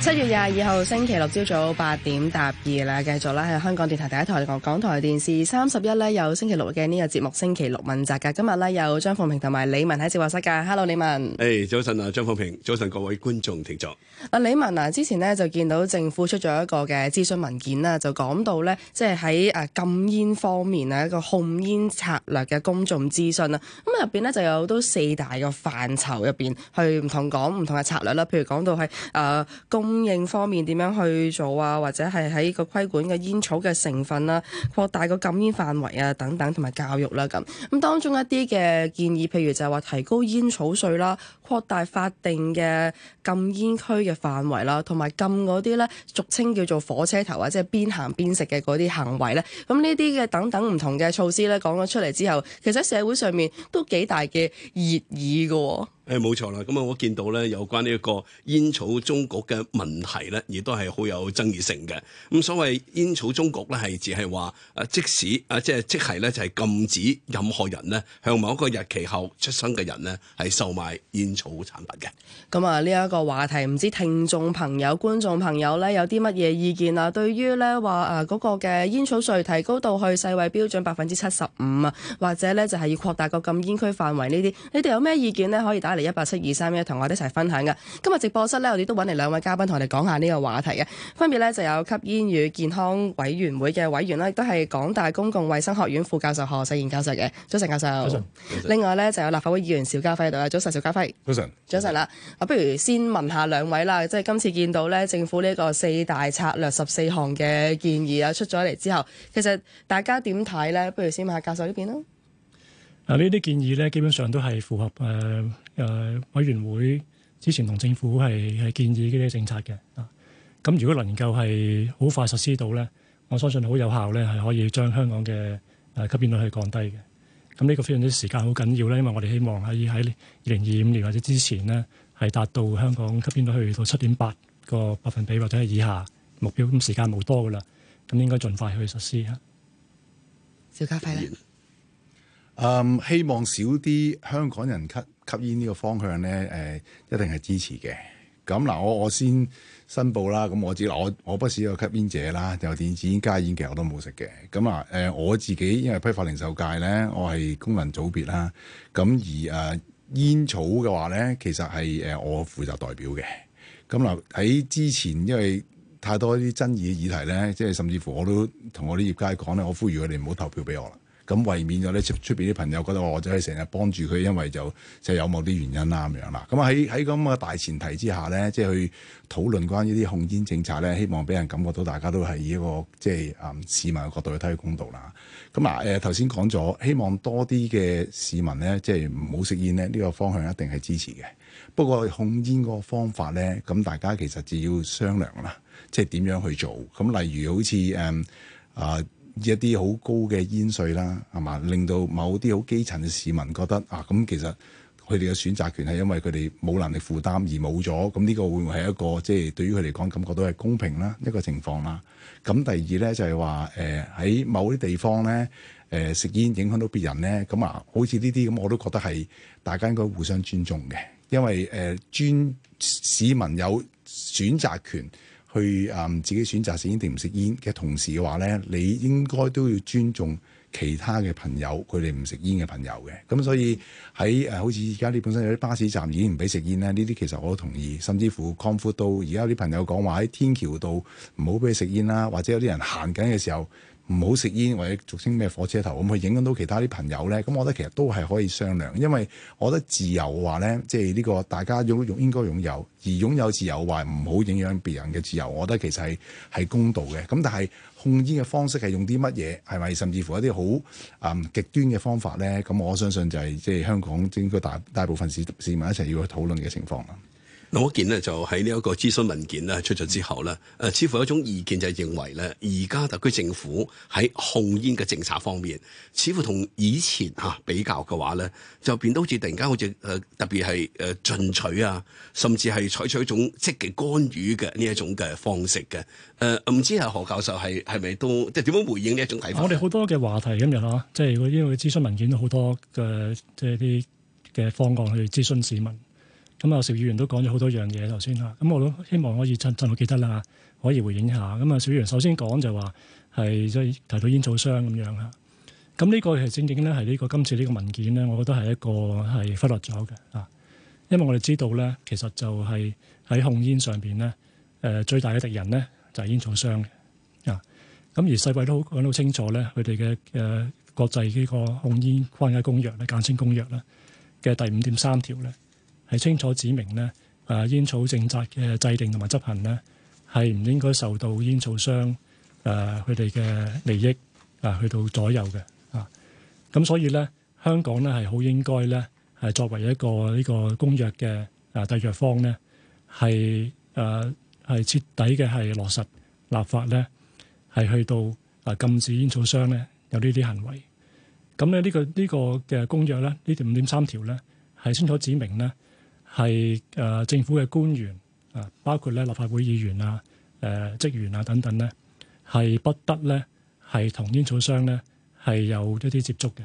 七月廿二號星期六朝早八點踏二啦，繼續啦，喺香港電台第一台、港台電視三十一咧，有星期六嘅呢個節目，星期六問責噶。今日咧，有張鳳平同埋李文喺策劃室噶，Hello 李文，誒、hey, 早晨啊張鳳平，早晨各位觀眾聽眾，啊李文啊之前呢，就見到政府出咗一個嘅諮詢文件啦，就講到咧，即係喺誒禁煙方面咧，一個控煙策略嘅公眾諮詢啦，咁啊入邊呢，就有好多四大嘅範疇入邊去唔同講唔同嘅策略啦，譬如講到係誒公供應方面點樣去做啊？或者係喺個規管嘅煙草嘅成分啦，擴大個禁煙範圍啊，等等同埋教育啦，咁咁當中一啲嘅建議，譬如就係話提高煙草稅啦，擴大法定嘅禁煙區嘅範圍啦，同埋禁嗰啲咧俗稱叫做火車頭啊，即係邊行邊食嘅嗰啲行為咧，咁呢啲嘅等等唔同嘅措施咧，講咗出嚟之後，其實社會上面都幾大嘅熱議㗎。誒冇錯啦，咁啊我見到咧有關呢一個煙草終局嘅問題咧，亦都係好有爭議性嘅。咁所謂煙草終局咧，係只係話誒，即使啊，即係即係咧，就係禁止任何人呢向某一個日期後出生嘅人呢係售賣煙草產品嘅。咁啊，呢一個話題，唔知聽眾朋友、觀眾朋友咧，有啲乜嘢意見啊？對於咧話誒嗰個嘅煙草稅提高到去世衛標準百分之七十五啊，或者咧就係要擴大個禁煙區範圍呢啲，你哋有咩意見咧？可以打一八七二三一同我哋一齊分享嘅。今日直播室呢，我哋都揾嚟兩位嘉賓同我哋講下呢個話題嘅。分別呢，就有吸煙與健康委員會嘅委員咧，亦都係港大公共衛生學院副教授何世賢教授嘅。早晨，教授。早晨。另外呢，就有立法會議員邵家輝喺度啊。早晨，邵家輝。早晨。早晨啦，啊，不如先問下兩位啦，即係今次見到呢政府呢個四大策略十四項嘅建議啊出咗嚟之後，其實大家點睇呢？不如先問下教授呢邊啦。呢啲建議呢，基本上都係符合誒。呃誒委員會之前同政府係係建議呢啲政策嘅，啊咁如果能夠係好快實施到咧，我相信好有效咧，係可以將香港嘅誒吸煙率去降低嘅。咁呢個非常之時間好緊要咧，因為我哋希望係喺二零二五年或者之前呢，係達到香港吸煙率去到七點八個百分比或者係以下目標。咁時間冇多噶啦，咁應該盡快去實施啊。邵家輝啦。誒、嗯，希望少啲香港人吸。吸煙呢個方向咧、呃，一定係支持嘅。咁嗱，我我先申報啦。咁我知我我不是有吸煙者啦，就電子煙加煙其實我都冇食嘅。咁啊、呃，我自己因為批發零售界咧，我係功能組別啦。咁而誒、啊、煙草嘅話咧，其實係我負責代表嘅。咁嗱，喺之前因為太多啲爭議嘅議題咧，即係甚至乎我都同我啲業界講咧，我呼籲佢哋唔好投票俾我啦。咁為免咗咧，出出邊啲朋友覺得我就係成日幫住佢，因為就即係有某啲原因啦、啊、咁樣啦。咁喺喺咁嘅大前提之下咧，即、就、係、是、去討論關於啲控煙政策咧，希望俾人感覺到大家都係以一個即係啊、嗯、市民嘅角度去睇公道啦。咁啊誒頭先講咗，希望多啲嘅市民咧，即係唔好食煙咧，呢、這個方向一定係支持嘅。不過控煙個方法咧，咁大家其實就要商量啦，即係點樣去做。咁例如好似啊。嗯呃一啲好高嘅煙稅啦，係嘛？令到某啲好基層嘅市民覺得啊，咁其實佢哋嘅選擇權係因為佢哋冇能力負擔而冇咗，咁呢個會唔會係一個即係、就是、對於佢嚟講感覺都係公平啦一個情況啦？咁第二咧就係話誒喺某啲地方咧誒、呃、食煙影響到別人咧，咁啊好似呢啲咁我都覺得係大家應該互相尊重嘅，因為誒尊、呃、市民有選擇權。去誒、嗯、自己選擇食煙定唔食煙嘅同時嘅話咧，你應該都要尊重其他嘅朋友，佢哋唔食煙嘅朋友嘅。咁所以喺誒好似而家呢，本身有啲巴士站已經唔俾食煙啦，呢啲其實我都同意，甚至乎擴闊到而家有啲朋友講話喺天橋度唔好俾食煙啦，或者有啲人行緊嘅時候。唔好食煙，或者俗稱咩火車頭咁，去影響到其他啲朋友咧，咁我覺得其實都係可以商量，因為我覺得自由話咧，即係呢個大家擁擁應該擁有，而擁有自由話唔好影響別人嘅自由，我覺得其實係係公道嘅。咁但係控煙嘅方式係用啲乜嘢，係咪甚至乎一啲好啊極端嘅方法咧？咁我相信就係即係香港應該大大部分市市民一齊要去討論嘅情況啦。我見呢，就喺呢一個諮詢文件咧出咗之後咧，誒似乎有一種意見就係認為咧，而家特區政府喺控煙嘅政策方面，似乎同以前嚇比較嘅話咧，就變到好似突然間好似誒特別係誒進取啊，甚至係採取一種積極干預嘅呢一種嘅方式嘅。誒唔知係何教授係係咪都即係點樣回應呢一種睇法？我哋好多嘅話題今日嚇，即係因為諮詢文件好多嘅即係啲嘅方案去諮詢市民。咁、嗯、啊，邵議員都講咗好多樣嘢頭先啦。咁、嗯、我都希望可以盡盡力記得啦，可以回應一下。咁、嗯、啊，邵議員首先講就話係即係提到煙草商咁樣啦。咁呢、呢個係正正咧，係呢個今次呢個文件咧，我覺得係一個係忽略咗嘅啊。因為我哋知道咧，其實就係喺控煙上邊咧，誒、呃、最大嘅敵人咧就係、是、煙草商嘅啊。咁而世衞都講得好清楚咧，佢哋嘅誒國際呢個控煙框架公約咧，簡稱公約咧嘅第五點三條咧。係清楚指明咧，誒煙草政策嘅制定同埋執行咧，係唔應該受到煙草商誒佢哋嘅利益啊去到左右嘅啊。咁所以咧，香港咧係好應該咧係作為一個呢個公約嘅啊締約方咧，係誒係徹底嘅係落實立法咧，係去到啊禁止煙草商咧有呢啲行為。咁咧呢個呢個嘅公約咧，呢條五點三條咧係清楚指明咧。係誒、呃、政府嘅官員啊，包括咧立法會議員啊、誒、呃、職員啊等等咧，係不得咧係同煙草商咧係有一啲接觸嘅。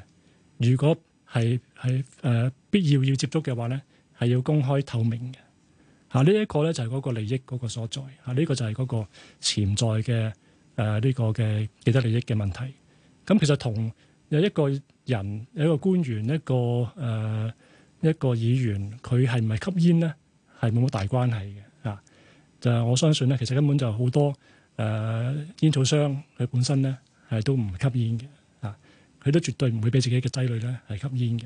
如果係係誒必要要接觸嘅話咧，係要公開透明嘅。嚇、啊，這個、呢一個咧就係、是、嗰個利益嗰個所在嚇，呢、啊這個就係嗰個潛在嘅誒呢個嘅既得利益嘅問題。咁其實同有一個人有一個官員一個誒。呃一個議員佢係唔係吸煙咧，係冇乜大關係嘅啊！就係我相信咧，其實根本就好多誒煙草商佢本身咧係都唔吸煙嘅啊，佢都絕對唔會俾自己嘅仔女咧係吸煙嘅。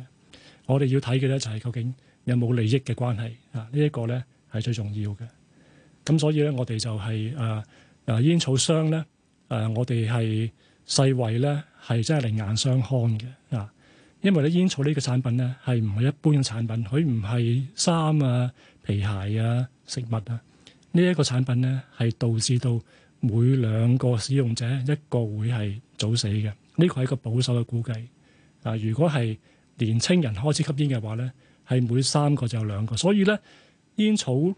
我哋要睇嘅咧就係究竟有冇利益嘅關係啊？呢一個咧係最重要嘅。咁所以咧，我哋就係啊啊煙草商咧，誒我哋係世衞咧係真係另眼相看嘅啊！因為咧煙草呢個產品咧係唔係一般嘅產品，佢唔係衫啊、皮鞋啊、食物啊，呢、這、一個產品咧係導致到每兩個使用者一個會係早死嘅，呢個係一個保守嘅估計。嗱、啊，如果係年青人開始吸煙嘅話咧，係每三個就有兩個，所以咧煙草誒、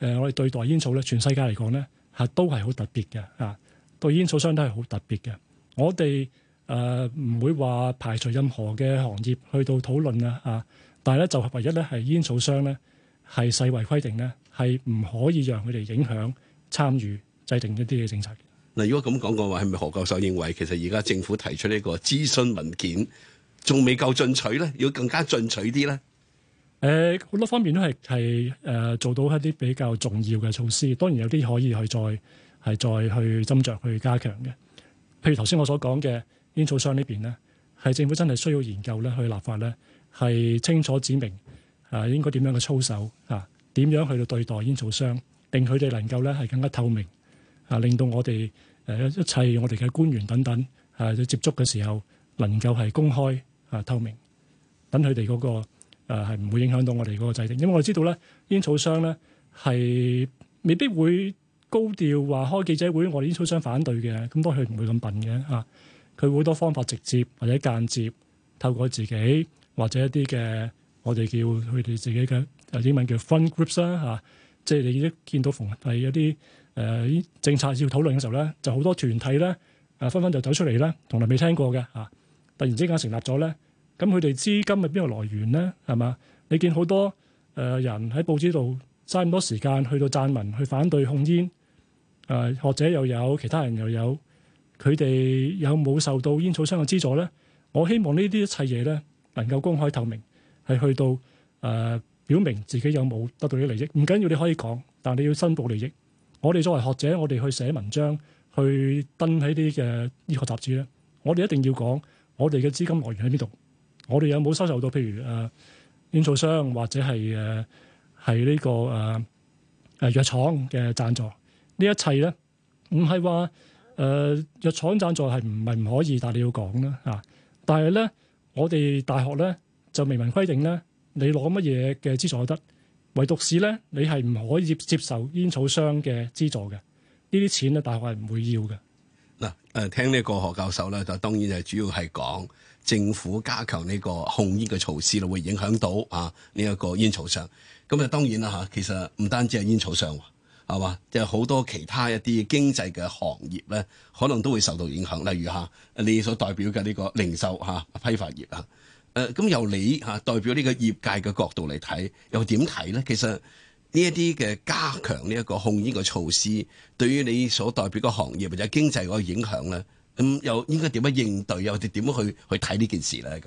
呃，我哋對待煙草咧，全世界嚟講咧係都係好特別嘅啊，對煙草商都係好特別嘅，我哋。誒、呃、唔會話排除任何嘅行業去到討論啊！嚇，但係咧就唯一咧係煙草商咧係世衞規定咧係唔可以讓佢哋影響參與制定一啲嘅政策嗱，如果咁講嘅話，係咪何教授認為其實而家政府提出呢個諮詢文件仲未夠進取咧？如果更加進取啲咧？誒、呃，好多方面都係係誒做到一啲比較重要嘅措施，當然有啲可以去再係再去斟酌去加強嘅。譬如頭先我所講嘅。煙草商呢邊呢，係政府真係需要研究咧，去立法咧，係清楚指明啊，應該點樣去操守啊，點樣去到對待煙草商，令佢哋能夠咧係更加透明啊，令到我哋誒一切我哋嘅官員等等啊，接觸嘅時候能夠係公開啊透明，等佢哋嗰個誒係唔會影響到我哋嗰個制定。因為我知道咧，煙草商咧係未必會高調話開記者會，我哋煙草商反對嘅咁，多佢唔會咁笨嘅嚇。啊佢好多方法，直接或者間接透過自己或者一啲嘅我哋叫佢哋自己嘅英文叫 front groups 啦、啊、嚇，即係你一見到逢係一啲誒、呃、政策要討論嘅時候咧，就好多團體咧啊，紛紛就走出嚟啦，從來未聽過嘅嚇、啊，突然之間成立咗咧，咁佢哋資金係邊個來源咧？係嘛？你見好多誒、呃、人喺報紙度嘥咁多時間去到撰文去反對控煙，誒、啊、學者又有，其他人又有。佢哋有冇受到煙草商嘅資助咧？我希望呢啲一切嘢咧能夠公開透明，係去到誒、呃、表明自己有冇得到啲利益。唔緊要，你可以講，但你要申報利益。我哋作為學者，我哋去寫文章，去登喺啲嘅醫學雜誌咧，我哋一定要講，我哋嘅資金來源喺邊度？我哋有冇收受到譬如誒、呃、煙草商或者係誒係呢個誒誒、呃啊、藥廠嘅贊助？呢一切咧唔係話，不是說誒、呃、藥廠贊助係唔係唔可以？但係你要講啦嚇。但係咧，我哋大學咧就明文規定咧，你攞乜嘢嘅資助都得，唯獨是咧，你係唔可以接受煙草商嘅資助嘅。這些呢啲錢咧，大學係唔會要嘅。嗱誒，聽呢個何教授咧，就當然就主要係講政府加強呢個控煙嘅措施啦，會影響到啊呢一個煙草商。咁啊，當然啦嚇，其實唔單止係煙草商。係嘛，即係好多其他一啲經濟嘅行業咧，可能都會受到影響。例如吓，你所代表嘅呢個零售吓、批發業啊，誒、呃，咁由你吓代表呢個業界嘅角度嚟睇，又點睇咧？其實呢一啲嘅加強呢一個控煙嘅措施，對於你所代表個行業或者經濟個影響咧，咁、嗯、又應該點樣應對又或者點樣去去睇呢件事咧？咁、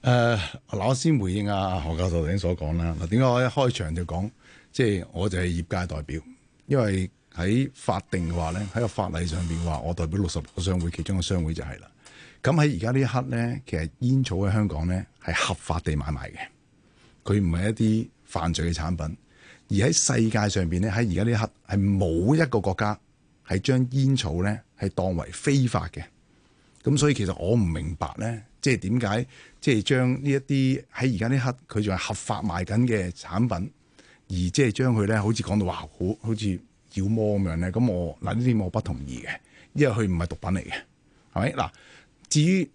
呃、誒，嗱，我先回應阿、啊、何教授頭先所講啦。嗱，點解我一開場就講？即係我就係業界代表，因為喺法定嘅話咧，喺個法例上邊嘅話我代表六十六個商會，其中個商會就係啦。咁喺而家呢一刻咧，其實煙草喺香港咧係合法地買賣嘅，佢唔係一啲犯罪嘅產品。而喺世界上邊咧，喺而家呢一刻係冇一個國家係將煙草咧係當為非法嘅。咁所以其實我唔明白咧，即係點解即係將呢一啲喺而家呢一刻佢仲係合法賣緊嘅產品。而即係將佢咧，好似講到話好好似妖魔咁樣咧，咁我嗱呢啲我不同意嘅，因為佢唔係毒品嚟嘅，係咪？嗱，至於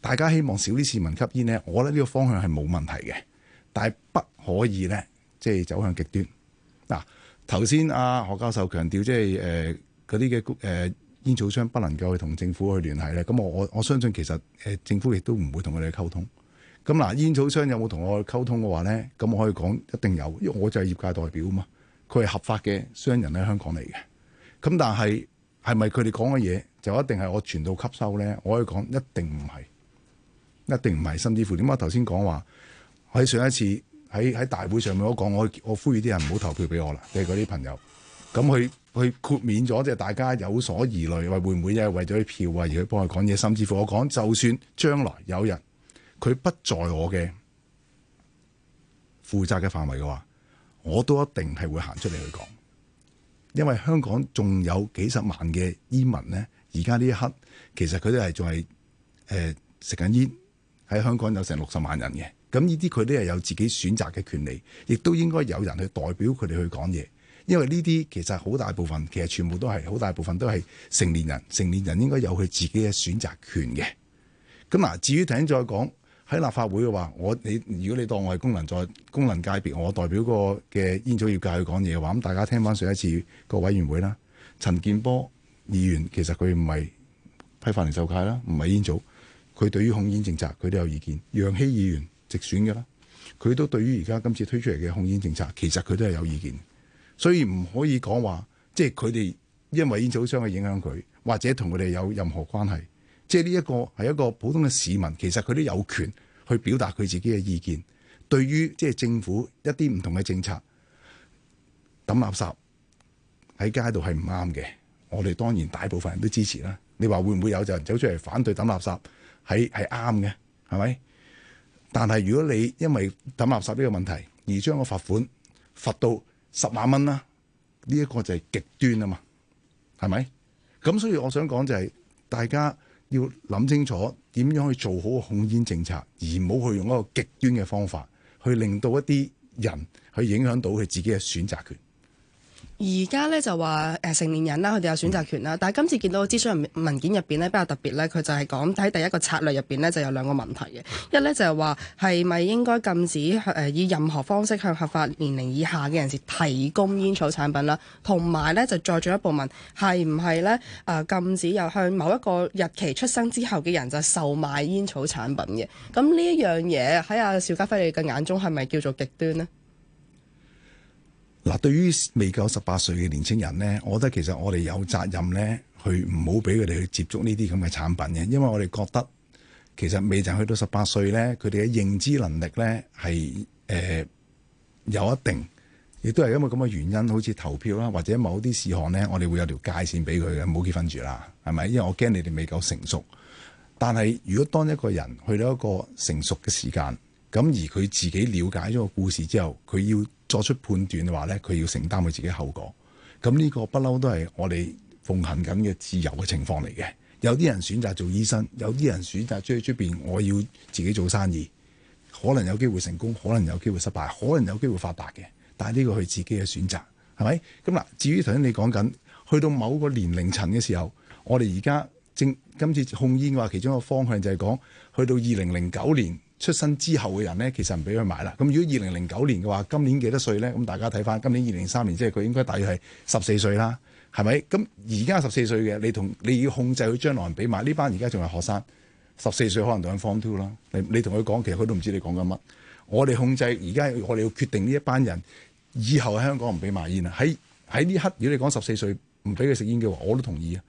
大家希望少啲市民吸煙咧，我覺得呢個方向係冇問題嘅，但係不可以咧，即係走向極端。嗱，頭先阿何教授強調即係誒嗰啲嘅誒煙草商不能夠去同政府去聯繫咧，咁我我我相信其實誒政府亦都唔會同佢哋溝通。咁嗱，煙草商有冇同我溝通嘅話咧？咁我可以講，一定有，因為我就係業界代表嘛。佢係合法嘅商人喺香港嚟嘅。咁但係係咪佢哋講嘅嘢就一定係我全都吸收咧？我可以講，一定唔係，一定唔係。甚至乎點解頭先講話喺上一次喺喺大會上面我講，我我呼籲啲人唔好投票俾我啦，即係嗰啲朋友。咁佢佢豁免咗，即係大家有所疑慮，話會唔會因為為咗啲票啊而去幫佢講嘢？甚至乎我講，就算將來有人，佢不在我嘅負責嘅範圍嘅話，我都一定係會行出嚟去講，因為香港仲有幾十萬嘅煙民咧。而家呢一刻，其實還，佢都係仲係誒食緊煙，喺香港有成六十萬人嘅。咁呢啲佢都係有自己選擇嘅權利，亦都應該有人去代表佢哋去講嘢。因為呢啲其實好大部分，其實全部都係好大部分都係成年人。成年人應該有佢自己嘅選擇權嘅。咁啊，至於頭先再講。喺立法會嘅話，我你如果你當我係功能在功能界別，我代表個嘅煙草業界去講嘢嘅話，咁大家聽翻上上一次個委員會啦。陳建波議員其實佢唔係批發零售界啦，唔係煙草，佢對於控煙政策佢都有意見。楊希議員直選嘅啦，佢都對於而家今次推出嚟嘅控煙政策，其實佢都係有意見，所以唔可以講話即係佢哋因為煙草商嘅影響佢，或者同佢哋有任何關係。即係呢一個係一個普通嘅市民，其實佢都有權去表達佢自己嘅意見。對於即係政府一啲唔同嘅政策，抌垃圾喺街度係唔啱嘅。我哋當然大部分人都支持啦。你話會唔會有就人走出嚟反對抌垃圾係係啱嘅，係咪？但係如果你因為抌垃圾呢個問題而將個罰款罰到十萬蚊啦，呢、這、一個就係極端啊嘛，係咪？咁所以我想講就係、是、大家。要諗清楚點樣去做好控煙政策，而唔好去用一個極端嘅方法去令到一啲人去影響到佢自己嘅選擇權。而家咧就話、呃、成年人啦，佢哋有選擇權啦。但今次見到諮詢文文件入面咧比較特別咧，佢就係講喺第一個策略入面咧就有兩個問題嘅。一咧就係話係咪應該禁止、呃、以任何方式向合法年齡以下嘅人士提供煙草產品啦，同埋咧就再進一步問係唔係咧禁止又向某一個日期出生之後嘅人就售賣煙草產品嘅？咁呢一樣嘢喺阿邵家輝你嘅眼中係咪叫做極端呢？嗱、啊，對於未夠十八歲嘅年青人咧，我覺得其實我哋有責任咧，去唔好俾佢哋去接觸呢啲咁嘅產品嘅，因為我哋覺得其實未就去到十八歲咧，佢哋嘅認知能力咧係、呃、有一定，亦都係因為咁嘅原因，好似投票啦，或者某啲事項咧，我哋會有條界線俾佢嘅，唔好結婚住啦，係咪？因為我驚你哋未夠成熟。但係如果當一個人去到一個成熟嘅時間，咁而佢自己了解咗個故事之後，佢要作出判斷嘅話，咧，佢要承擔佢自己後果。咁呢個不嬲都係我哋奉行緊嘅自由嘅情況嚟嘅。有啲人選擇做醫生，有啲人選擇出去出邊，我要自己做生意，可能有機會成功，可能有機會失敗，可能有機會發達嘅。但係呢個係自己嘅選擇，係咪？咁嗱，至於頭先你講緊去到某個年齡層嘅時候，我哋而家正今次控煙嘅話，其中一個方向就係講去到二零零九年。出生之後嘅人咧，其實唔俾佢買啦。咁如果二零零九年嘅話，今年幾多歲咧？咁大家睇翻，今年二零三年，即係佢應該大約係十四歲啦，係咪？咁而家十四歲嘅，你同你要控制佢將來唔俾買，呢班而家仲係學生，十四歲可能讀緊 Form 2啦。你你同佢講，其實佢都唔知你講緊乜。我哋控制而家，現在我哋要決定呢一班人以後喺香港唔俾買煙啦。喺喺呢刻，如果你講十四歲唔俾佢食煙嘅話，我都同意啊。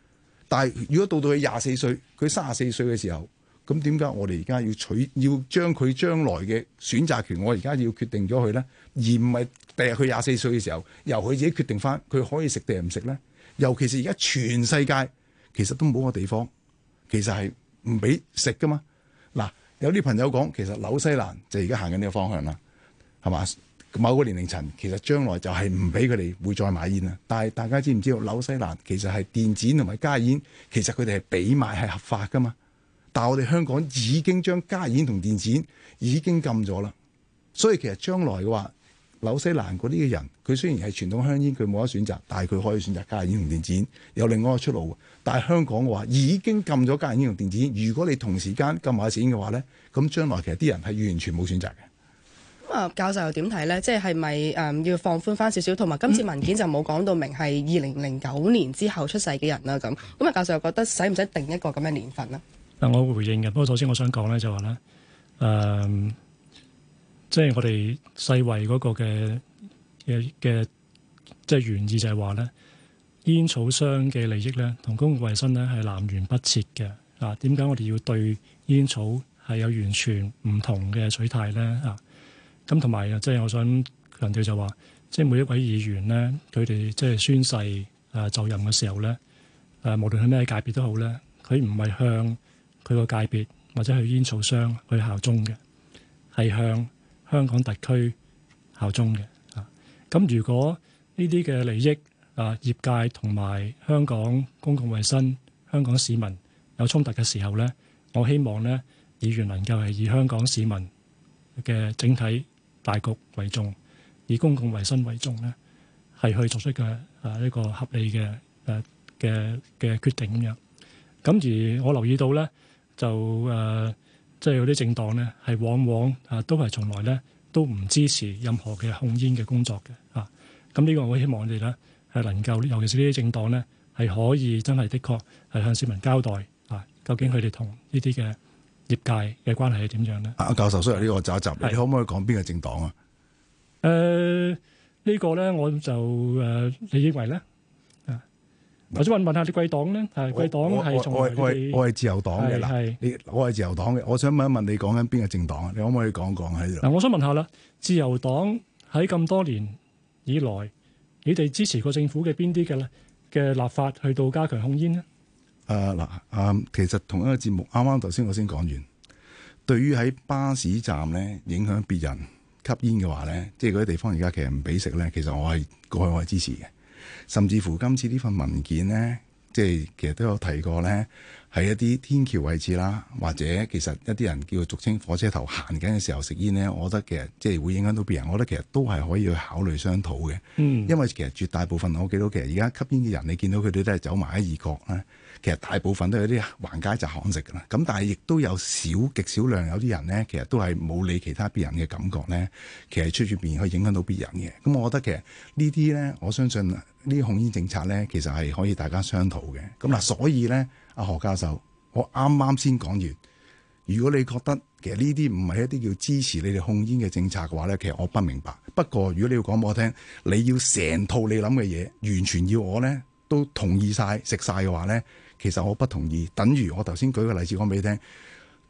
但係如果到到佢廿四歲，佢三十四歲嘅時候。咁點解我哋而家要取要將佢將來嘅選擇權？我而家要決定咗佢咧，而唔係第日佢廿四歲嘅時候由佢自己決定翻佢可以食定唔食咧？尤其是而家全世界其實都冇個地方其實係唔俾食噶嘛。嗱，有啲朋友講其實紐西蘭就而家行緊呢個方向啦，係嘛？某個年齡層其實將來就係唔俾佢哋會再買煙啦。但係大家知唔知道紐西蘭其實係電子煙同埋加煙，其實佢哋係俾賣係合法噶嘛？但係我哋香港已經將加熱煙同電子煙已經禁咗啦，所以其實將來嘅話，紐西蘭嗰啲嘅人，佢雖然係傳統香煙，佢冇得選擇，但係佢可以選擇加熱煙同電子煙有另外一個出路。但係香港嘅話已經禁咗加熱煙同電子煙，如果你同時間禁埋一啲嘅話咧，咁將來其實啲人係完全冇選擇嘅。咁啊，教授又點睇咧？即係係咪誒要放寬翻少少？同埋今次文件就冇講到明係二零零九年之後出世嘅人啦。咁咁啊，教授又覺得使唔使定一個咁嘅年份呢？嗱、嗯，我回應嘅。不過，首先我想講咧、就是呃，就話、是、咧，誒，即係我哋世衞嗰個嘅嘅即係原意就係話咧，煙草商嘅利益咧，同公共衞生咧係南轅北轍嘅。嗱、啊，點解我哋要對煙草係有完全唔同嘅取態咧？啊，咁同埋即係我想強調就話，即、就、係、是、每一位議員咧，佢哋即係宣誓誒就任嘅時候咧，誒、啊、無論係咩界別都好咧，佢唔係向佢個界別或者係煙草商去效忠嘅，係向香港特區效忠嘅。啊，咁如果呢啲嘅利益啊，業界同埋香港公共衞生、香港市民有衝突嘅時候咧，我希望咧議員能夠係以香港市民嘅整體大局為重，以公共衞生為重咧，係去作出嘅啊一個合理嘅誒嘅嘅決定咁樣。咁而我留意到咧。就誒，即、呃、係、就是、有啲政黨咧，係往往啊都係從來咧都唔支持任何嘅控煙嘅工作嘅啊。咁呢個我希望你哋咧係能夠，尤其是呢啲政黨咧係可以真係的，的確係向市民交代啊，究竟佢哋同呢啲嘅業界嘅關係係點樣咧？啊，教授，雖然呢個我找一集，你可唔可以講邊個政黨啊？誒、呃，這個、呢個咧我就誒、呃，你認為咧？或者我想問問下啲貴黨咧，貴黨係從我係自由黨嘅啦，你我係自由黨嘅，我想問一問你講緊邊個政黨啊？你可唔可以講講喺度？嗱、呃，我想問下啦，自由黨喺咁多年以來，你哋支持過政府嘅邊啲嘅嘅立法去到加強控煙呢？啊、呃、嗱、呃，其實同一個節目啱啱頭先我先講完，對於喺巴士站咧影響別人吸煙嘅話咧，即係嗰啲地方而家其實唔俾食咧，其實我係過去我係支持嘅。甚至乎今次呢份文件呢，即係其實都有提過呢，喺一啲天橋位置啦，或者其實一啲人叫俗稱火車頭行緊嘅時候食煙呢，我覺得其實即係會影響到別人。我覺得其實都係可以去考慮商討嘅，嗯，因為其實絕大部分我見到其實而家吸煙嘅人，你見到佢哋都係走埋喺二角咧。其實大部分都係有啲橫街窄巷食㗎啦。咁但係亦都有少極少量有啲人呢，其實都係冇理其他別人嘅感覺呢，其實出住面去影響到別人嘅。咁我覺得其實呢啲呢，我相信。呢啲控煙政策咧，其實係可以大家商討嘅。咁嗱，所以咧，阿何教授，我啱啱先講完。如果你覺得其實呢啲唔係一啲叫支持你哋控煙嘅政策嘅話咧，其實我不明白。不過如果你要講俾我聽，你要成套你諗嘅嘢，完全要我咧都同意晒食晒嘅話咧，其實我不同意。等於我頭先舉個例子講俾你聽，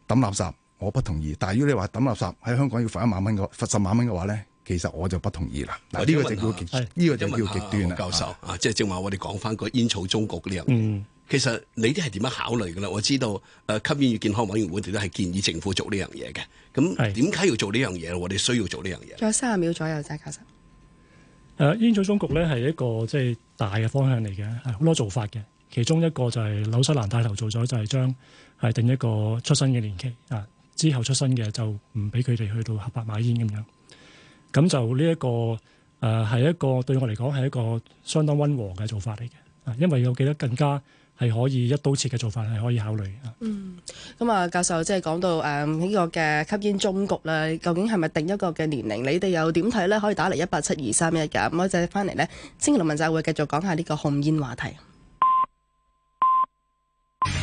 抌垃圾我不同意。但係如果你話抌垃圾喺香港要罰一萬蚊個罰十萬蚊嘅話咧，其實我就不同意啦。嗱，呢、呢個就叫極呢個就叫極端教授是啊。即係正話，我哋講翻個煙草終局呢樣。其實你啲係點樣考慮噶啦？我知道誒，吸煙與健康委員會，我哋都係建議政府做呢樣嘢嘅。咁點解要做呢樣嘢？我哋需要做呢樣嘢。仲有三十秒左右，就係教授誒。煙、啊、草終局咧係一個即係大嘅方向嚟嘅，好多做法嘅。其中一個就係紐西蘭帶頭做咗，就係將係定一個出生嘅年紀啊，之後出生嘅就唔俾佢哋去到合法買煙咁樣。咁就呢一個誒係一個對我嚟講係一個相當溫和嘅做法嚟嘅啊，因為我記得更加係可以一刀切嘅做法係可以考慮嘅。嗯，咁啊，教授即係講到誒呢個嘅吸煙終局咧，究竟係咪定一個嘅年齡？你哋又點睇咧？可以打嚟一八七二三一嘅。咁，我哋翻嚟咧星期六問責會繼續講下呢個控煙話題。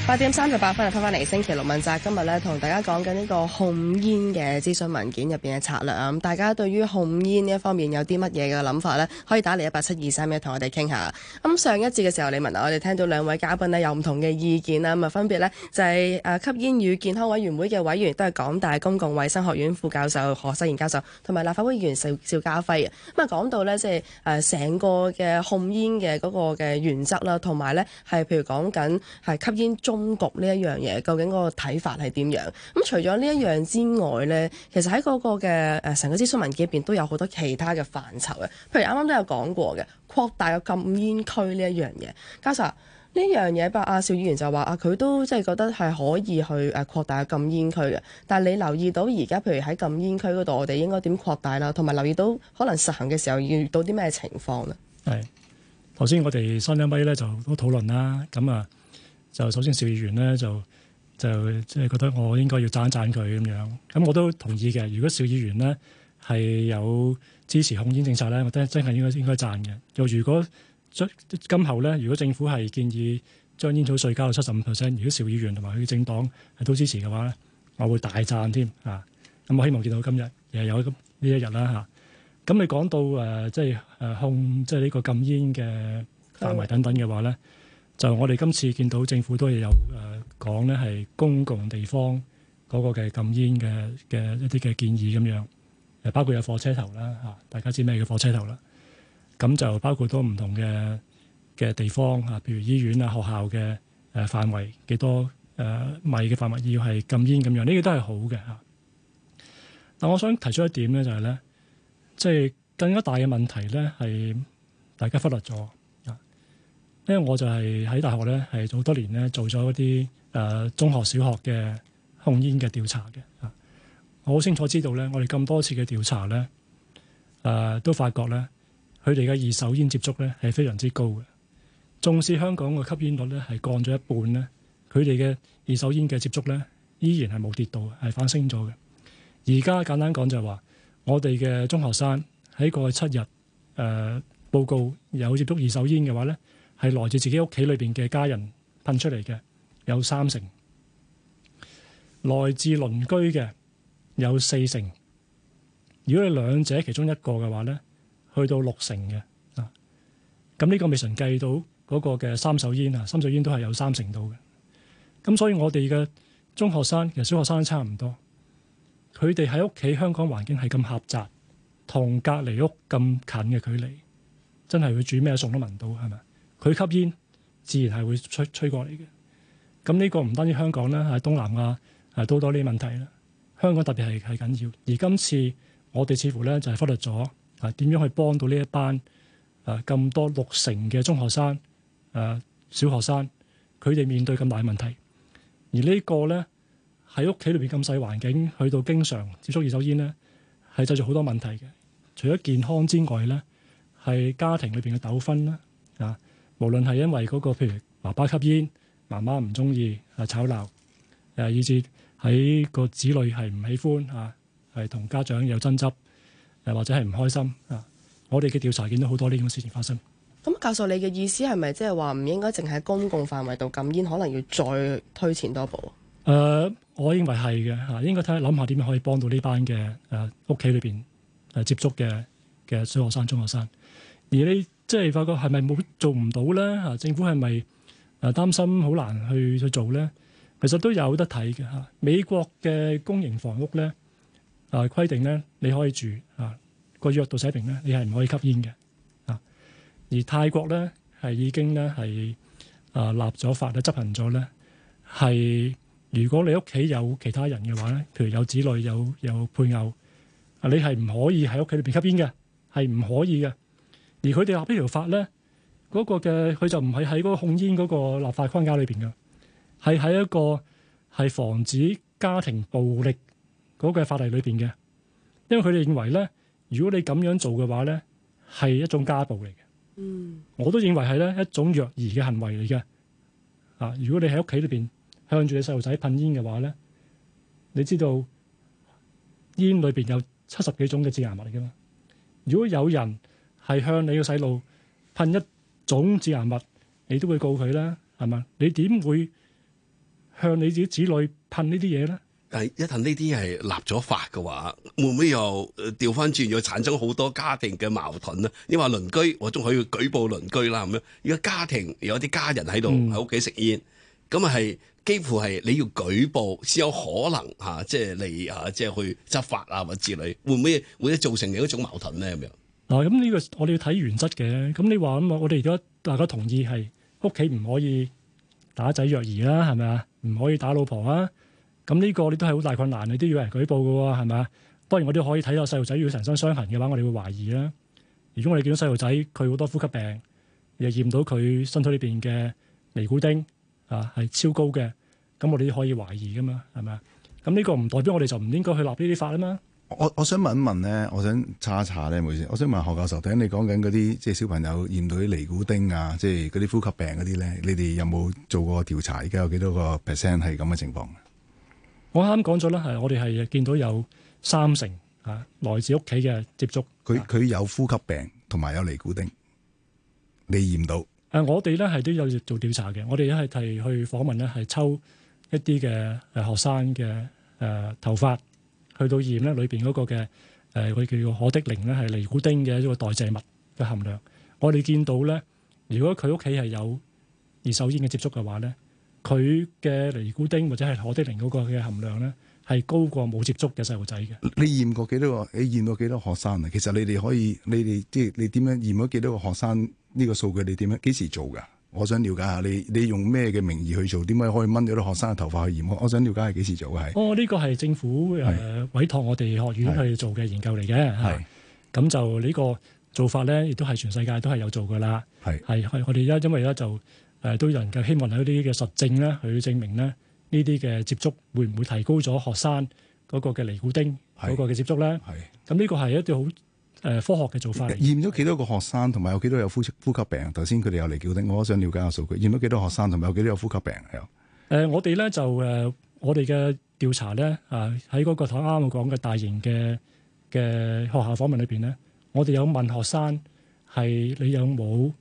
八點三十八分啊，翻返嚟星期六問責，今日咧同大家講緊呢個控煙嘅諮詢文件入面嘅策略啊，咁大家對於控煙呢一方面有啲乜嘢嘅諗法呢？可以打嚟一八七二三一，同我哋傾下。咁上一節嘅時候，你問啊，我哋聽到兩位嘉賓呢有唔同嘅意見啦，咁啊分別呢，就係、是、誒吸煙與健康委員會嘅委員都係港大公共衛生學院副教授何世賢教授，同埋立法會議員邵，邵家輝啊。咁啊講到呢，即係誒成個嘅控煙嘅嗰個嘅原則啦，同埋呢係譬如講緊係吸煙公局呢一樣嘢，究竟嗰個睇法係點樣？咁除咗呢一樣之外呢，其實喺嗰個嘅誒成個諮詢文件入邊都有好多其他嘅範疇嘅，譬如啱啱都有講過嘅擴大個禁煙區呢一樣嘢。加莎呢樣嘢，不過阿邵議員就話啊，佢都即係覺得係可以去誒、啊、擴大個禁煙區嘅。但係你留意到而家譬如喺禁煙區嗰度，我哋應該點擴大啦？同埋留意到可能實行嘅時候要遇到啲咩情況咧？係頭先我哋三兩位咧就都討論啦，咁啊。就首先，邵議員咧就就即係覺得我應該要贊一贊佢咁樣。咁我都同意嘅。如果邵議員呢係有支持控煙政策咧，我覺得真係應該應該贊嘅。又如果將今後咧，如果政府係建議將煙草稅加到七十五 percent，如果邵議員同埋佢嘅政黨係都支持嘅話咧，我會大贊添啊。咁我希望見到今日又有呢一日啦嚇。咁、啊、你講到誒即係誒控即係呢個禁煙嘅範圍等等嘅話咧？嗯就我哋今次見到政府都係有誒講咧，係公共地方嗰個嘅禁煙嘅嘅一啲嘅建議咁樣，誒包括有火車頭啦嚇，大家知咩叫火車頭啦，咁就包括多唔同嘅嘅地方嚇，譬如醫院啊、學校嘅誒範圍幾多誒米嘅範圍要係禁煙咁樣，呢個都係好嘅嚇。但我想提出一點咧，就係咧，即係更加大嘅問題咧，係大家忽略咗。因為我就係喺大學咧，係好多年咧做咗一啲誒、呃、中學、小學嘅控煙嘅調查嘅啊。我好清楚知道咧，我哋咁多次嘅調查咧，誒、呃、都發覺咧，佢哋嘅二手煙接觸咧係非常之高嘅。縱使香港嘅吸煙率咧係降咗一半咧，佢哋嘅二手煙嘅接觸咧依然係冇跌到，係反升咗嘅。而家簡單講就係話，我哋嘅中學生喺過去七日誒、呃、報告有接觸二手煙嘅話咧。係來自自己屋企裏邊嘅家人噴出嚟嘅，有三成；來自鄰居嘅有四成。如果你兩者其中一個嘅話咧，去到六成嘅啊。咁呢個未算計到嗰個嘅三手煙啊，三手煙都係有三成到嘅。咁所以我哋嘅中學生其實小學生都差唔多，佢哋喺屋企香港環境係咁狹窄，同隔離屋咁近嘅距離，真係會煮咩餸都聞到，係咪？佢吸煙，自然係會吹吹過嚟嘅。咁、這、呢個唔單止香港啦，喺東南亞係都多呢啲問題啦。香港特別係緊要。而今次我哋似乎咧就係忽略咗啊，點樣去幫到呢一班咁、啊、多六成嘅中學生、啊、小學生，佢哋面對咁大嘅問題。而個呢個咧喺屋企裏面咁細環境，去到經常接觸二手煙咧，係製造好多問題嘅。除咗健康之外咧，係家庭裏面嘅糾紛啦啊！無論係因為嗰個譬如爸爸吸煙，媽媽唔中意啊，吵鬧，誒以致喺個子女係唔喜歡啊，係同家長有爭執，誒或者係唔開心啊，我哋嘅調查見到好多呢種事情發生。咁教授，你嘅意思係咪即係話唔應該淨係喺公共範圍度禁煙，可能要再推前多步？誒、呃，我認為係嘅，吓應該睇下諗下點樣可以幫到呢班嘅誒屋企裏邊誒接觸嘅嘅小學生、中學生，而呢？即係發覺係咪冇做唔到咧？嚇、啊，政府係咪啊擔心好難去去做咧？其實都有得睇嘅嚇。美國嘅公營房屋咧，啊規定咧，你可以住嚇個、啊、約度寫明咧，你係唔可以吸煙嘅啊。而泰國咧係已經咧係啊立咗法咧執行咗咧，係如果你屋企有其他人嘅話咧，譬如有子女有有配偶啊，你係唔可以喺屋企裏邊吸煙嘅，係唔可以嘅。而佢哋立呢條法咧，嗰、嗰個嘅佢就唔係喺嗰個控煙嗰個立法框架裏邊嘅，係喺一個係防止家庭暴力嗰個法例裏邊嘅。因為佢哋認為咧，如果你咁樣做嘅話咧，係一種家暴嚟嘅。嗯，我都認為係咧一種虐兒嘅行為嚟嘅。啊，如果你喺屋企裏邊向住你細路仔噴煙嘅話咧，你知道煙裏邊有七十幾種嘅致癌物嚟噶嘛？如果有人係向你個細路噴一種致癌物，你都會告佢啦，係嘛？你點會向你自己子女噴這些東西呢啲嘢咧？但係一旦呢啲係立咗法嘅話，會唔會又調翻轉，又產生好多家庭嘅矛盾咧？你話鄰居，我仲可以舉報鄰居啦，咁樣。如果家庭有啲家人喺度喺屋企食煙，咁啊係幾乎係你要舉報先有可能吓、啊，即係你吓、啊、即係去執法啊或之類，會唔會會造成另一種矛盾咧咁樣？嗱，咁呢個我哋要睇原則嘅。咁你話咁，我哋而家大家同意係屋企唔可以打仔虐兒啦，係咪啊？唔可以打老婆啊？咁呢個你都係好大困難，你都要有人舉報㗎喎，係咪啊？當然我哋可以睇下細路仔要成身傷痕嘅話，我哋會懷疑啦。如果我哋見到細路仔佢好多呼吸病，又驗到佢身體裏面嘅尼古丁啊係超高嘅，咁我哋都可以懷疑噶嘛，係咪啊？咁呢個唔代表我哋就唔應該去立呢啲法啊嘛。我我想問一問咧，我想查一查咧，唔好意思。我想問何教授，等你講緊嗰啲，即係小朋友驗到啲尼古丁啊，即係嗰啲呼吸病嗰啲咧，你哋有冇做過調查？而家有幾多個 percent 係咁嘅情況？我啱啱講咗啦，係我哋係見到有三成啊來自屋企嘅接觸，佢佢有呼吸病同埋有尼古丁，你驗到？誒，我哋咧係都有做調查嘅，我哋係提去訪問咧，係抽一啲嘅誒學生嘅誒頭髮。去到驗咧，裏邊嗰個嘅誒，佢叫做可的寧咧，係尼古丁嘅一個代謝物嘅含量。我哋見到咧，如果佢屋企係有二手煙嘅接觸嘅話咧，佢嘅尼古丁或者係可的寧嗰個嘅含量咧，係高過冇接觸嘅細路仔嘅。你驗過幾多個？你驗過幾多學生啊？其實你哋可以，你哋即係你點樣驗咗幾多個學生呢個數據？你點樣幾時做㗎？我想了解下你你用咩嘅名義去做？點解可以掹咗啲學生嘅頭髮去驗血？我想了解係幾時做嘅？係，哦呢個係政府誒委託我哋學院去做嘅研究嚟嘅。係，咁就呢個做法咧，亦都係全世界都係有做㗎喇。係，係，我哋因因為咧就誒都能夠希望有啲嘅實證咧去證明咧呢啲嘅接觸會唔會提高咗學生嗰個嘅尼古丁嗰個嘅接觸咧？係，咁呢個係一啲好。誒科學嘅做法的驗咗幾多個學生，同埋有幾多有呼吸呼吸病？頭先佢哋有嚟叫的，我想了解下數據。驗咗幾多學生，同埋有幾多有呼吸病？係啊、呃，我哋咧就誒、呃、我哋嘅調查咧啊，喺、呃、嗰個頭啱啱講嘅大型嘅嘅學校訪問裏邊咧，我哋有問學生係你有冇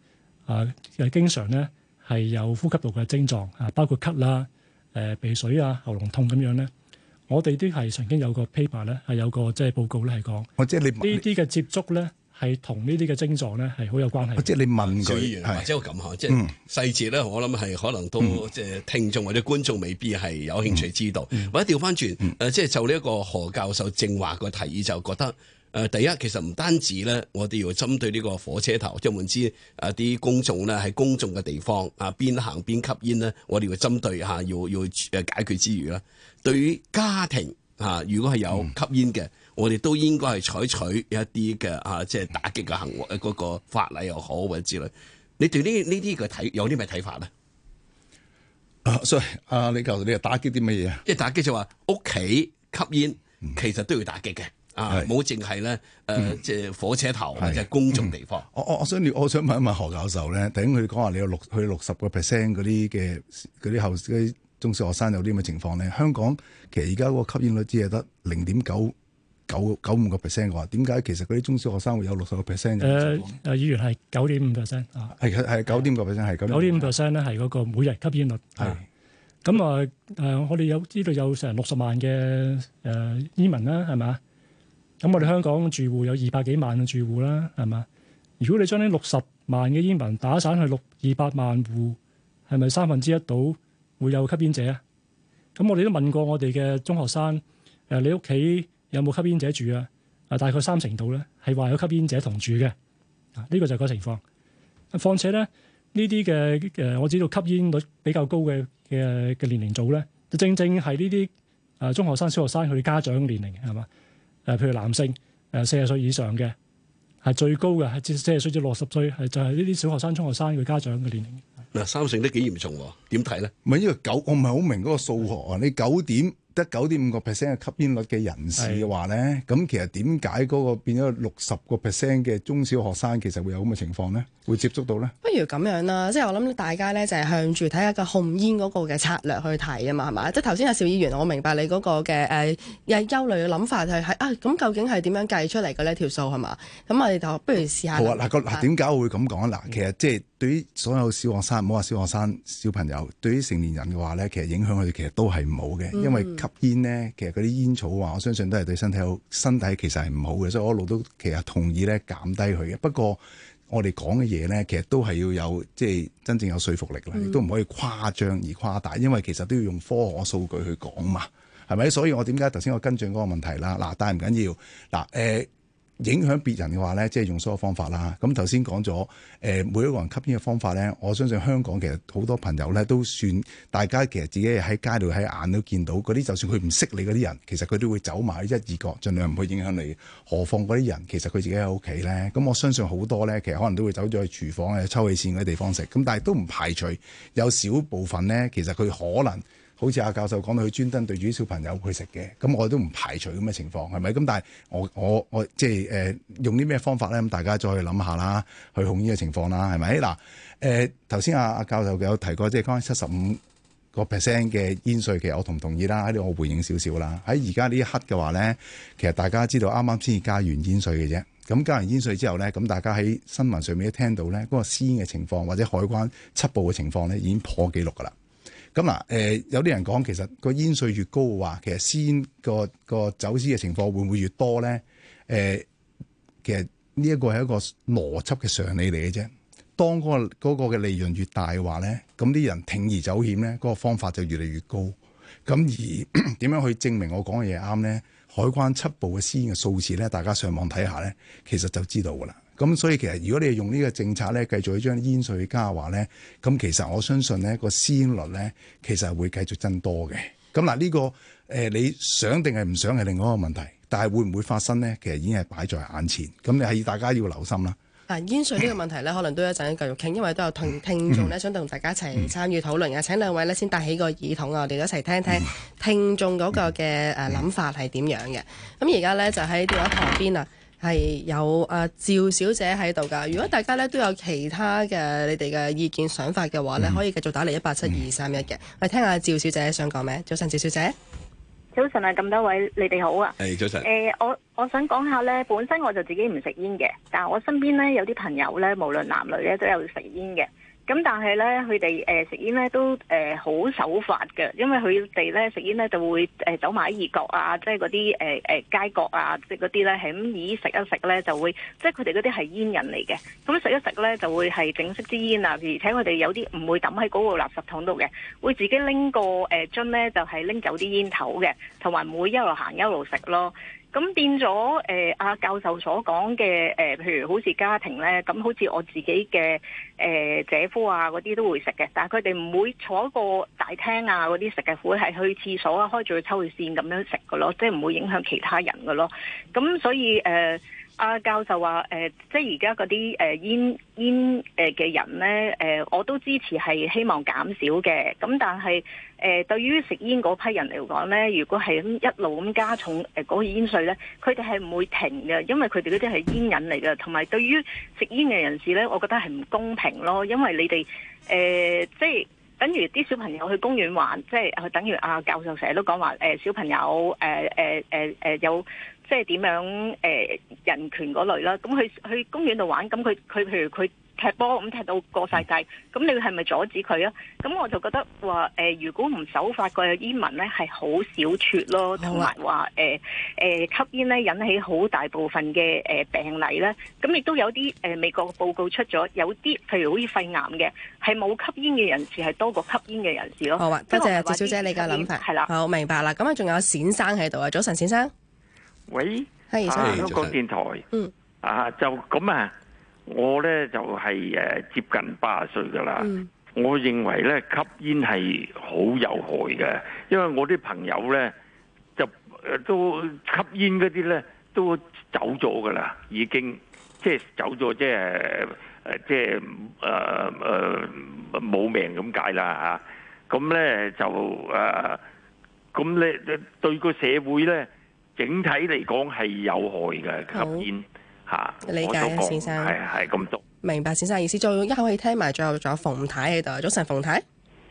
啊誒經常咧係有呼吸道嘅症狀啊、呃，包括咳啦、誒、呃、鼻水啊、喉嚨痛咁樣咧。我哋都係曾經有個 paper 咧，係有個即係報告咧，係講呢啲嘅接觸咧，係同呢啲嘅症狀咧係好有關係。即係你問佢，或者我咁嚇、嗯，即係細節咧，我諗係可能都即係聽眾或者觀眾未必係有興趣知道。嗯、或者調翻轉，誒即係就呢一個何教授正話個提議，就覺得。誒，第一其實唔單止咧，我哋要針對呢個火車頭，即係換之啊啲公眾咧，喺公眾嘅地方啊，邊行邊吸煙呢，我哋要針對下要要誒解決之餘啦。對於家庭吓，如果係有吸煙嘅，嗯，我哋都應該係採取一啲嘅啊，即係打擊嘅行為，嗰，那個法例又好或者之類。你對呢呢啲嘅睇有啲咩睇法呢？啊，uh,，sorry，啊，uh, 你頭你又打擊啲乜嘢啊？即係打擊就話屋企吸煙，其實都要打擊嘅。啊！冇淨係咧，誒、啊呃嗯，即係火車頭或者公眾地方。嗯、我我我想，我想問一問何教授咧，等佢講話你有六，佢六十個 percent 嗰啲嘅嗰啲後中小學生有啲咁嘅情況咧。香港其實而家個吸煙率只係得零點九九九五個 percent 嘅話，點解其實嗰啲中小學生會有六十個 percent 嘅情況？誒誒、呃，議員係九點五 percent 啊，係係九點五個 percent 係九點五 percent 咧係嗰個每日吸煙率係。咁啊誒，我哋有知道有成六十萬嘅誒煙民啦、啊，係咪？咁我哋香港住戶有二百幾萬嘅住戶啦，係嘛？如果你將呢六十萬嘅煙民打散去六二百萬戶，係咪三分之一到會有吸煙者啊？咁我哋都問過我哋嘅中學生誒、呃，你屋企有冇吸煙者住啊？啊、呃，大概三成度咧，係話有吸煙者同住嘅啊。呢、呢個就係個情況。況且咧，呢啲嘅誒，我知道吸煙率比較高嘅嘅嘅年齡組咧，就正正係呢啲誒中學生、小學生佢哋家長年齡係嘛？是誒，譬如男性誒四十歲以上嘅係最高嘅，係四十歲至六十歲，係就係呢啲小學生、中學生嘅家長嘅年齡。嗱，三成都幾嚴重喎？點睇咧？唔係呢個九，呢個、9，我唔係好明嗰個數學啊！你九點？得九點五個 percent 嘅吸煙率嘅人士嘅話咧，咁其實點解嗰個變咗六十個 percent 嘅中小學生其實會有咁嘅情況咧？會接觸到咧？不如咁樣啦，即係我諗大家咧就係向住睇下個控煙嗰個嘅策略去睇啊嘛，係嘛？即係頭先阿邵議員，我明白你嗰個嘅誒又憂慮嘅諗法就係啊，咁究竟係點樣計出嚟嘅呢條數係嘛？咁、我哋、就不如試下。好啊，嗱、嗰個嗱點解我會咁講啊？嗱、嗯，其實即、就、係、是。對於所有小學生，唔好話小學生小朋友，對於成年人嘅話咧，其實影響佢哋其實都係唔好嘅，嗯，因為吸煙咧，其實嗰啲煙草話我相信都係對身體好，身體其實係唔好嘅，所以我一路都其實同意咧減低佢嘅。不過我哋講嘅嘢咧，其實都係要有即係真正有說服力啦，亦都唔可以誇張而誇大，因為其實都要用科學數據去講嘛，係咪？所以我點解頭先我跟進嗰個問題啦？嗱，但係唔緊要，嗱誒。呃影響別人嘅話咧，即係用所有方法啦。咁頭先講咗，誒每一個人吸煙嘅方法咧，我相信香港其實好多朋友咧都算大家其實自己喺街度喺眼都見到嗰啲，那些就算佢唔識你嗰啲人，其實佢都會走埋一二角，盡量唔去影響你。何況嗰啲人其實佢自己喺屋企咧，咁我相信好多咧其實可能都會走咗去廚房抽氣扇嗰啲地方食。咁但係都唔排除有少部分咧，其實佢可能。好似阿教授講到，佢專登對住啲小朋友去食嘅，咁我都唔排除咁嘅情況，係咪？咁但係我我我即係誒、呃、用啲咩方法咧？咁大家再去諗下啦，去控呢個情況啦，係咪？嗱誒，頭先阿阿教授有提過，即係剛七十五個 percent 嘅煙稅，其實我同唔同意啦，喺度我回應少少啦。喺而家呢一刻嘅話咧，其實大家知道啱啱先加完煙稅嘅啫，咁加完煙稅之後咧，咁大家喺新聞上面都聽到咧，嗰、那個私煙嘅情況或者海關緝捕嘅情況咧，已經破紀錄噶啦。咁嗱、呃，有啲人講其實個煙稅越高嘅話，其實私煙個個走私嘅情況會唔會越多咧？誒、呃，其實呢一個係一個邏輯嘅常理嚟嘅啫。當嗰、那個嘅、那個、利潤越大嘅話咧，咁啲人鋌而走險咧，嗰、那個方法就越嚟越高。咁而點樣去證明我講嘅嘢啱咧？海關七部嘅私煙嘅數字咧，大家上網睇下咧，其實就知道㗎啦。咁所以其實如果你係用呢個政策咧，繼續去將煙稅加嘅話咧，咁其實我相信呢個先率咧，其實係會繼續增多嘅。咁嗱呢個誒、呃、你想定係唔想係另外一個問題，但係會唔會發生呢？其實已經係擺在眼前，咁你係大家要留心啦。嗱，煙稅呢個問題咧，可能都一陣繼續傾，因為都有同聽眾咧想同大家一齊參與討論嘅、嗯嗯。請兩位咧先戴起個耳筒啊，我哋一齊聽聽，聽聽聽眾嗰個嘅誒諗法係點樣嘅。咁而家咧就喺電話旁邊啊。係有啊趙小姐喺度㗎。如果大家咧都有其他嘅你哋嘅意見想法嘅話咧，可以繼續打嚟一八七二三一嘅。喂，聽下趙小姐想講咩？早晨，趙小姐。早晨啊，咁多位你哋好啊。係、hey, 早晨。誒、呃，我我想講下咧，本身我就自己唔食煙嘅，但係我身邊咧有啲朋友咧，無論男女咧，都有食煙嘅。咁但係咧，佢哋誒食煙咧都誒好、呃、守法嘅，因為佢哋咧食煙咧就會誒、呃、走埋喺二角啊，即係嗰啲誒街角啊，即係嗰啲咧係咁以食一食咧就會，即係佢哋嗰啲係煙人嚟嘅。咁食一食咧就會係整熄支煙啊，而且佢哋有啲唔會抌喺嗰個垃圾桶度嘅，會自己拎個誒樽咧就係、是、拎走啲煙頭嘅，同埋唔會一路行一路食咯。咁變咗誒，阿、呃、教授所講嘅誒，譬如好似家庭咧，咁好似我自己嘅誒、呃、姐夫啊，嗰啲都會食嘅，但係佢哋唔會坐一個大廳啊嗰啲食嘅，會係去廁所啊開住抽氣扇咁樣食㗎咯，即係唔會影響其他人㗎咯。咁所以誒。呃阿教授話，誒、呃，即係而家嗰啲誒煙煙誒嘅人咧，誒、呃，我都支持係希望減少嘅。咁但係誒、呃，對於食煙嗰批人嚟講咧，如果係咁一路咁加重誒嗰個煙稅咧，佢哋係唔會停嘅，因為佢哋嗰啲係煙癮嚟嘅。同埋對於食煙嘅人士咧，我覺得係唔公平咯，因為你哋誒、呃，即係等於啲小朋友去公園玩，即係等於阿、啊、教授成日都講話誒，小朋友誒誒誒誒有。即係點樣，呃、人權嗰類啦，咁去去公園度玩，咁佢佢譬如佢踢波咁踢到過晒界，咁你係咪阻止佢啊？咁我就覺得話、呃、如果唔守法個煙民咧，係好少脫咯，同埋話吸煙咧引起好大部分嘅、呃、病例咧，咁亦都有啲、呃、美國報告出咗有啲，譬如好似肺癌嘅係冇吸煙嘅人士係多過吸煙嘅人士咯。好啊，多謝謝小姐你嘅諗法，係啦，好明白啦。咁啊，仲有冼生喺度啊，早晨，先生。喂，香港電台，嗯，啊，就咁啊，我咧就係誒接近八十歲噶啦，我認為咧吸煙係好有害嘅，因為我啲朋友咧就誒都吸煙嗰啲咧都走咗噶啦，已經即係走咗，即係誒即係誒誒冇命咁解啦吓，咁咧就誒，咁你你對個社會咧？整體嚟講係有害嘅，吸煙吓。理解啊，先生係係咁多。明白先生意思，就一口氣聽埋，最後仲有馮太喺度。早晨，馮太，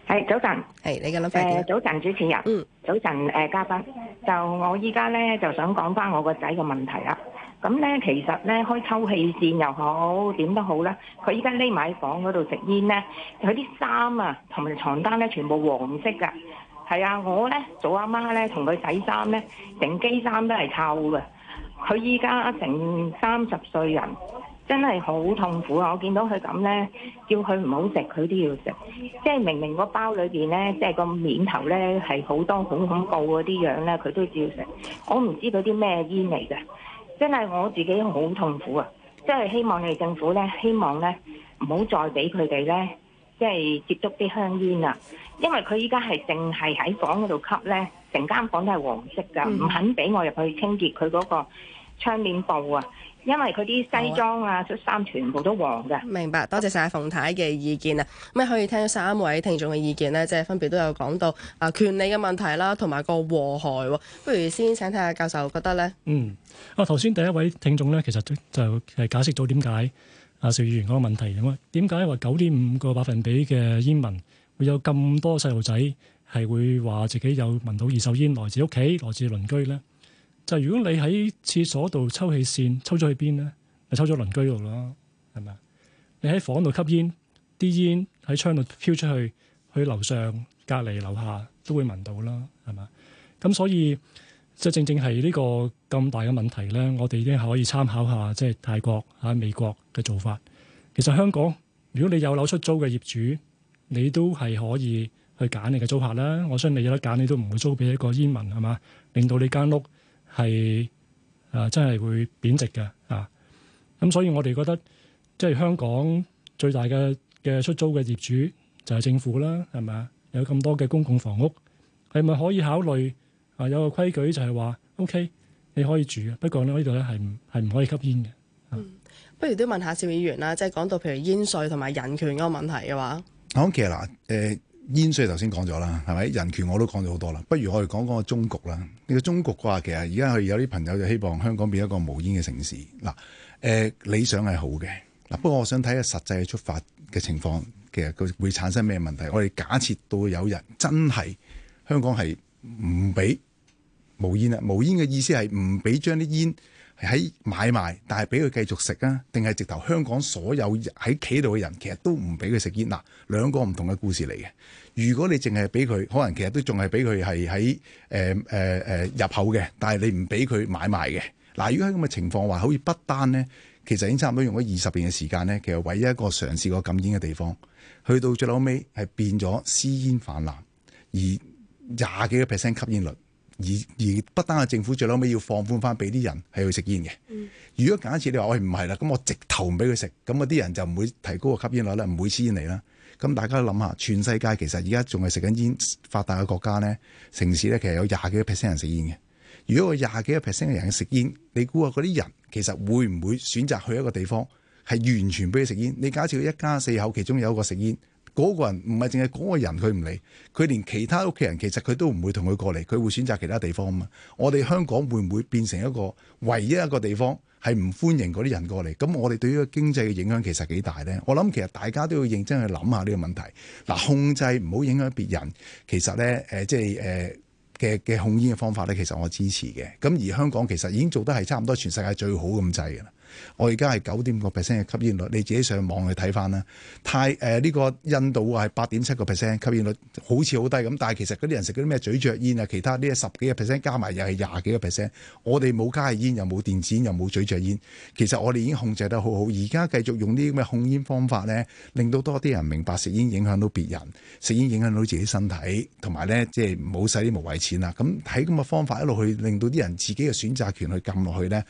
係早晨，係你嘅諗法點？誒，早晨主持人，嗯，早晨誒嘉賓，就我依家咧就想講返我個仔嘅問題啦。咁咧其實咧開抽氣扇又好，點都好咧，佢依家匿埋喺房嗰度食煙咧，佢啲衫啊同埋床單咧全部黃色㗎。係啊，我咧做阿媽咧，同佢洗衫咧，成機衫都係臭嘅。佢依家成三十歲人，真係好痛苦啊！我見到佢咁咧，叫佢唔好食，佢都要食。即係明明包裡、就是、個包裏邊咧，即係個面頭咧係好多好恐怖嗰啲樣咧，佢都照食。我唔知佢啲咩煙嚟嘅，真係我自己好痛苦啊！即係希望你政府咧，希望咧唔好再俾佢哋咧。即係接觸啲香煙啊，因為佢依家係淨係喺房嗰度吸咧，成間房都係黃色㗎，唔、嗯、肯俾我入去清潔佢嗰個窗簾布啊，因為佢啲西裝啊、恤、哦、衫全部都黃嘅。明白，多謝晒馮太嘅意見啊！咁可以聽咗三位聽眾嘅意見呢，即係分別都有講到啊，權利嘅問題啦，同埋個禍害喎。不如先請睇下教授覺得呢。嗯，我頭先第一位聽眾呢，其實就係解釋到點解。啊，邵議員嗰個問題咁啊？點解話九點五個百分比嘅煙民會有咁多細路仔係會話自己有聞到二手煙來自屋企、來自鄰居咧？就係、如果你喺廁所度抽氣扇抽咗去邊咧，咪抽咗鄰居度啦，係咪你喺房度吸煙，啲煙喺窗度飄出去，去樓上、隔離、樓下都會聞到啦，係咪？咁所以即係正正係呢個咁大嘅問題咧，我哋已經可以參考下，即係泰國啊、美國。嘅做法，其實香港如果你有樓出租嘅業主，你都係可以去揀你嘅租客啦。我相信你有得揀，你都唔會租俾一個煙民，係嘛？令到你間屋係啊，真係會貶值嘅啊。咁所以我哋覺得即係、就是、香港最大嘅嘅出租嘅業主就係政府啦，係咪啊？有咁多嘅公共房屋係咪可以考慮啊？有個規矩就係話，OK，你可以住嘅，不過咧，呢度咧係唔係唔可以吸煙嘅。啊嗯不如都問下邵議員啦，即係講到譬如煙稅同埋人權嗰個問題嘅話，好，其實嗱，誒、呃、煙稅頭先講咗啦，係咪？人權我都講咗好多啦。不如我哋講講個中局啦。呢個中局嘅話，其實而家佢有啲朋友就希望香港變一個無煙嘅城市。嗱、呃，誒理想係好嘅，嗱不過我想睇下實際嘅出發嘅情況，其實佢會產生咩問題？我哋假設到有人真係香港係唔俾無煙啦，無煙嘅意思係唔俾將啲煙。喺買賣，但係俾佢繼續食啊？定係直頭香港所有喺企度嘅人，其實都唔俾佢食煙。嗱，兩個唔同嘅故事嚟嘅。如果你淨係俾佢，可能其實都仲係俾佢係喺誒誒誒入口嘅，但係你唔俾佢買賣嘅。嗱、呃，如果喺咁嘅情況話，好似不丹呢，其實已經差唔多用咗二十年嘅時間呢。其實唯一一個嘗試過禁煙嘅地方，去到最後尾係變咗私煙泛濫，而廿幾個 percent 吸煙率。而而不單係政府最後尾要放寬翻俾啲人係去食煙嘅。如果假設你話我唔係啦，咁我直頭唔俾佢食，咁嗰啲人就唔會提高個吸煙率啦，唔會黐煙嚟啦。咁大家諗下，全世界其實而家仲係食緊煙發達嘅國家咧、城市咧，其實有廿幾個 percent 人食煙嘅。如果個廿幾個 percent 嘅人去食煙，你估下嗰啲人其實會唔會選擇去一個地方係完全俾佢食煙？你假設佢一家四口其中有一個食煙。嗰個人唔係淨係嗰個人，佢唔嚟，佢連其他屋企人，其實佢都唔會同佢過嚟，佢會選擇其他地方啊嘛。我哋香港會唔會變成一個唯一一個地方係唔歡迎嗰啲人過嚟？咁我哋對於個經濟嘅影響其實幾大咧。我諗其實大家都要認真去諗下呢個問題。嗱，控制唔好影響別人，其實咧、呃、即係、呃、嘅嘅控煙嘅方法咧，其實我支持嘅。咁而香港其實已經做得係差唔多全世界最好咁滯啦。我而家係九點個 percent 嘅吸煙率，你自己上網去睇翻啦。太誒呢個印度話係八點七個 percent 吸煙率，好似好低咁，但係其實嗰啲人食嗰啲咩咀嚼煙啊，其他呢十幾個 percent 加埋又係廿幾個 percent。我哋冇加熱煙，又冇電子煙，又冇咀嚼煙。其實我哋已經控制得好好，而家繼續用啲咁嘅控煙方法咧，令到多啲人明白食煙影響到別人，食煙影響到自己的身體，同埋咧，即係冇使啲無謂錢啦。咁睇咁嘅方法一路去令到啲人自己嘅選擇權去撳落去咧，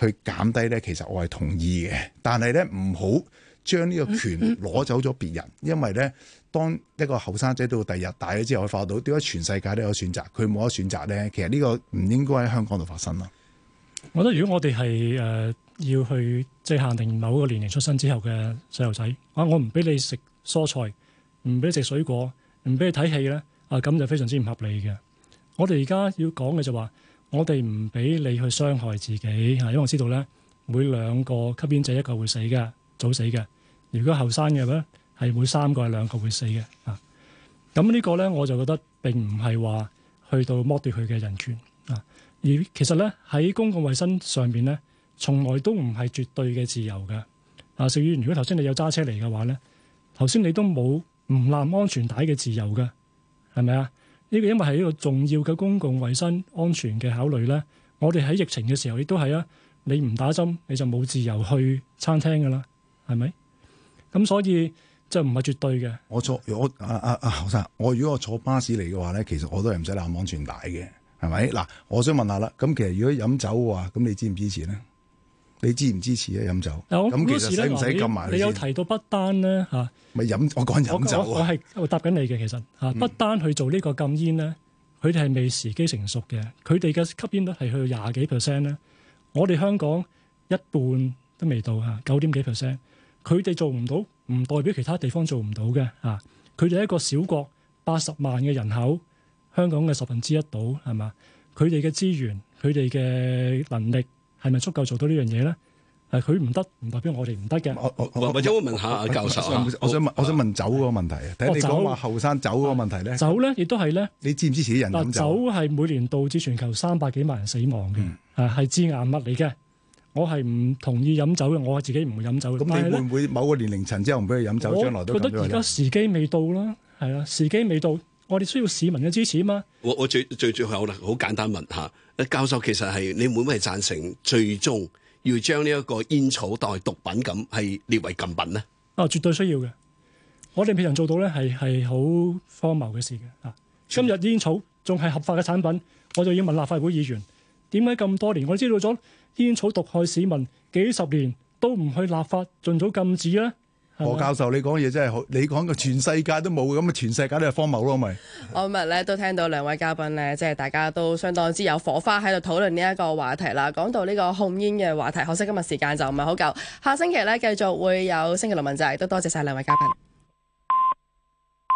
去減低咧，其實。我係同意嘅，但係咧唔好將呢個權攞走咗。別、嗯、人、嗯、因為咧，當一個後生仔到第日大咗之後，發現到點解全世界都有選擇？佢冇得選擇咧，其實呢個唔應該喺香港度發生咯。我覺得如果我哋係誒要去即係限定某個年齡出生之後嘅細路仔，啊，我唔俾你食蔬菜，唔俾你食水果，唔俾你睇戲咧，啊，咁就非常之唔合理嘅。我哋而家要講嘅就話，我哋唔俾你去傷害自己啊，因為我知道咧。每兩個吸煙者一個會死嘅，早死嘅。如果後生嘅咧，係每三個、係兩個會死嘅。啊，咁呢個咧我就覺得並唔係話去到剝奪佢嘅人權啊。而其實咧喺公共衞生上面咧，從來都唔係絕對嘅自由嘅。啊，邵議員，如果頭先你有揸車嚟嘅話咧，頭先你都冇唔攬安全帶嘅自由嘅，係咪啊？呢、這個因為係一個重要嘅公共衞生安全嘅考慮咧，我哋喺疫情嘅時候亦都係啊。你唔打針，你就冇自由去餐廳噶啦，係咪？咁所以即係唔係絕對嘅。我坐我啊啊啊，學、啊、生，我如果我坐巴士嚟嘅話咧，其實我都係唔使攬安全帶嘅，係咪？嗱、嗯，我想問下啦。咁其實如果飲酒嘅話，咁你支唔支持咧？你支唔支持咧飲酒？咁、嗯、其實使唔使禁埋你有提到不單咧嚇咪飲，我講飲酒我係我，我，我，我答緊你嘅，其實嚇、嗯、不單去做呢個禁煙咧，佢哋係未時機成熟嘅。佢哋嘅吸煙率係去廿幾 percent 咧。我哋香港一半都未到啊，九點幾 percent，佢哋做唔到，唔代表其他地方做唔到嘅啊。佢哋一個小國，八十萬嘅人口，香港嘅十分之一度，係嘛？佢哋嘅資源，佢哋嘅能力係咪足夠做到這呢樣嘢咧？誒，佢唔得，唔代表我哋唔得嘅。我我為咗我問下阿教授啊，我想問，我想問酒嗰個問題啊。你講話後生酒嗰個問題咧，酒咧亦都係咧。你支唔支持啲人飲酒？酒係每年導致全球三百幾萬人死亡嘅，係致癌物嚟嘅。我係唔同意飲酒嘅，我係自己唔會飲酒嘅。咁你會唔會某個年齡層之後唔俾佢飲酒？將來都咁樣。我覺得而家時機未到啦，係啊，時機未到，我哋需要市民嘅支持啊嘛。我我最最最後啦，好簡單問下，教授其實係你會唔會贊成最終。要將呢一個煙草當係毒品咁，係列為禁品咧？啊，絕對需要嘅。我哋未曾做到咧，係係好荒謬嘅事嘅。啊，今日煙草仲係合法嘅產品，我就要問立法會議員：點解咁多年，我知道咗煙草毒害市民，幾十年都唔去立法盡早禁止咧？何教授，你講嘢真係好，你講個全世界都冇嘅咁啊，全世界都係荒謬咯咪？我今日咧都聽到兩位嘉賓咧，即係大家都相當之有火花喺度討論呢一個話題啦。講到呢個控煙嘅話題，可惜今日時間就唔係好夠，下星期咧繼續會有星期六問責，都多謝晒兩位嘉賓。